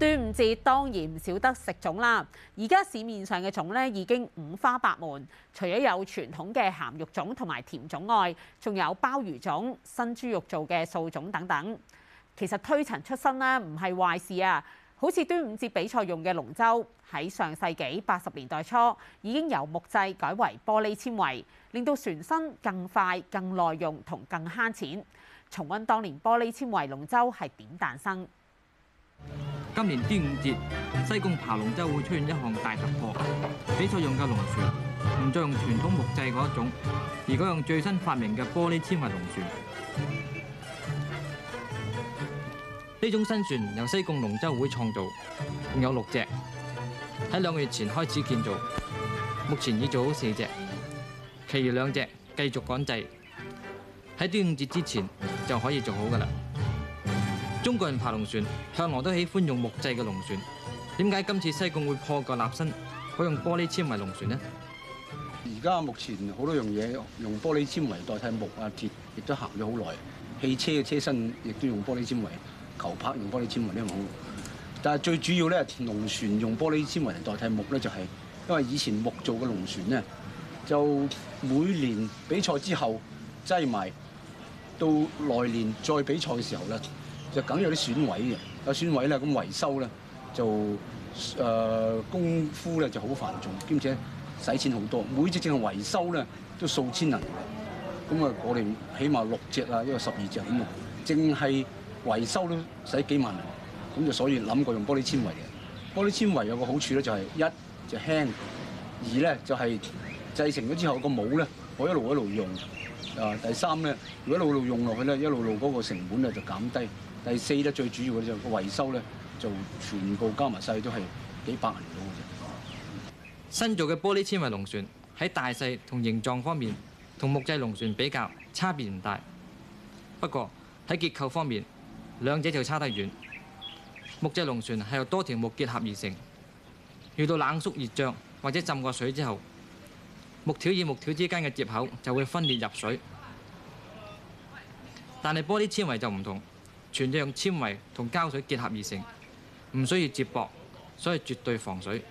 端午節當然唔少得食粽啦，而家市面上嘅粽呢已經五花八門，除咗有傳統嘅鹹肉粽同埋甜粽外，仲有鮑魚粽、新豬肉做嘅素粽等等。其實推陳出新呢唔係壞事啊，好似端午節比賽用嘅龍舟，喺上世紀八十年代初已經由木製改為玻璃纖維，令到船身更快、更耐用同更慳錢。重溫當年玻璃纖維龍舟係點誕生？今年端午節，西貢爬龍舟會出現一項大突破，比賽用嘅龍船唔再用傳統木製嗰一種，而改用最新發明嘅玻璃纖維龍船。呢種新船由西貢龍舟會創造，共有六隻，喺兩個月前開始建造，目前已做好四隻，其餘兩隻繼續趕製，喺端午節之前就可以做好㗎喇。中國人爬龍船，向來都喜歡用木製嘅龍船。點解今次西貢會破舊立新，改用玻璃纖維龍船呢？而家目前好多樣嘢用玻璃纖維代替木啊鐵，亦都行咗好耐。汽車嘅車身亦都用玻璃纖維，球拍用玻璃纖維都好。但係最主要咧，龍船用玻璃纖維嚟代替木咧、就是，就係因為以前木做嘅龍船咧，就每年比賽之後擠埋、就是，到來年再比賽嘅時候咧。就梗有啲損毀嘅，有損毀咧，咁維修咧就誒、呃、功夫咧就好繁重，兼且使錢好多。每隻淨係維修咧都數千人嘅，咁啊我哋起碼六隻啊，一個十二隻咁啊，淨係維修都使幾萬人。咁就所以諗過用玻璃纖維嘅，玻璃纖維有個好處咧就係、是、一就輕，二咧就係、是、製成咗之後個模咧。我一路一路用，啊！第三咧，如果一路一路用落去咧，一路一路嗰個成本咧就減低。第四咧，最主要嘅就個維修咧，就全部加埋晒都係幾百銀到嘅啫。新造嘅玻璃纖維龍船喺大細同形狀方面，同木製龍船比較差別唔大。不過喺結構方面，兩者就差得遠。木製龍船係由多條木結合而成，遇到冷縮熱脹或者浸過水之後。木條與木條之間嘅接口就會分裂入水，但係玻璃纖維就唔同，全隻用纖維同膠水結合而成，唔需要接駁，所以絕對防水。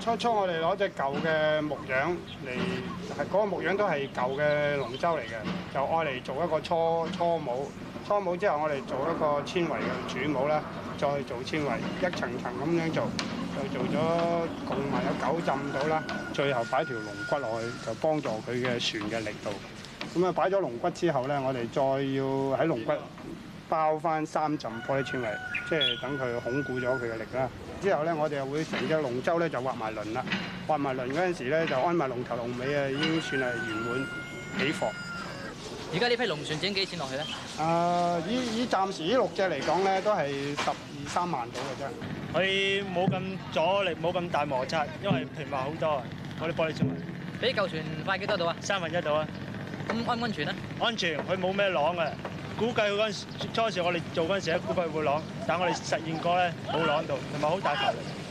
初初我哋攞隻舊嘅木樣嚟，係嗰個木樣都係舊嘅龍舟嚟嘅，就愛嚟做一個初初母，初母之後我哋做一個纖維嘅主母啦，再做纖維，一層層咁樣做。就做咗共埋有九浸到啦，最後擺條龍骨落去，就幫助佢嘅船嘅力度。咁啊，擺咗龍骨之後咧，我哋再要喺龍骨包翻三浸玻璃纖維，即係等佢鞏固咗佢嘅力啦。之後咧，我哋會成隻龍舟咧就畫埋輪啦。畫埋輪嗰陣時咧，就安埋龍頭龍尾啊，已經算係完滿起貨。而家呢批龍船整幾錢落去咧？啊，依依暫時呢六隻嚟講咧，都係十二三萬到嘅啫。佢冇咁阻力，冇咁大摩擦，因為平滑好多啊。我哋玻璃船比舊船快幾多度啊？三分一度啊！咁安唔安全咧？安全，佢冇咩浪嘅。估計嗰陣初時我哋做嗰陣時，估計會浪，但我哋實驗過咧，冇浪到，同埋好大浮力。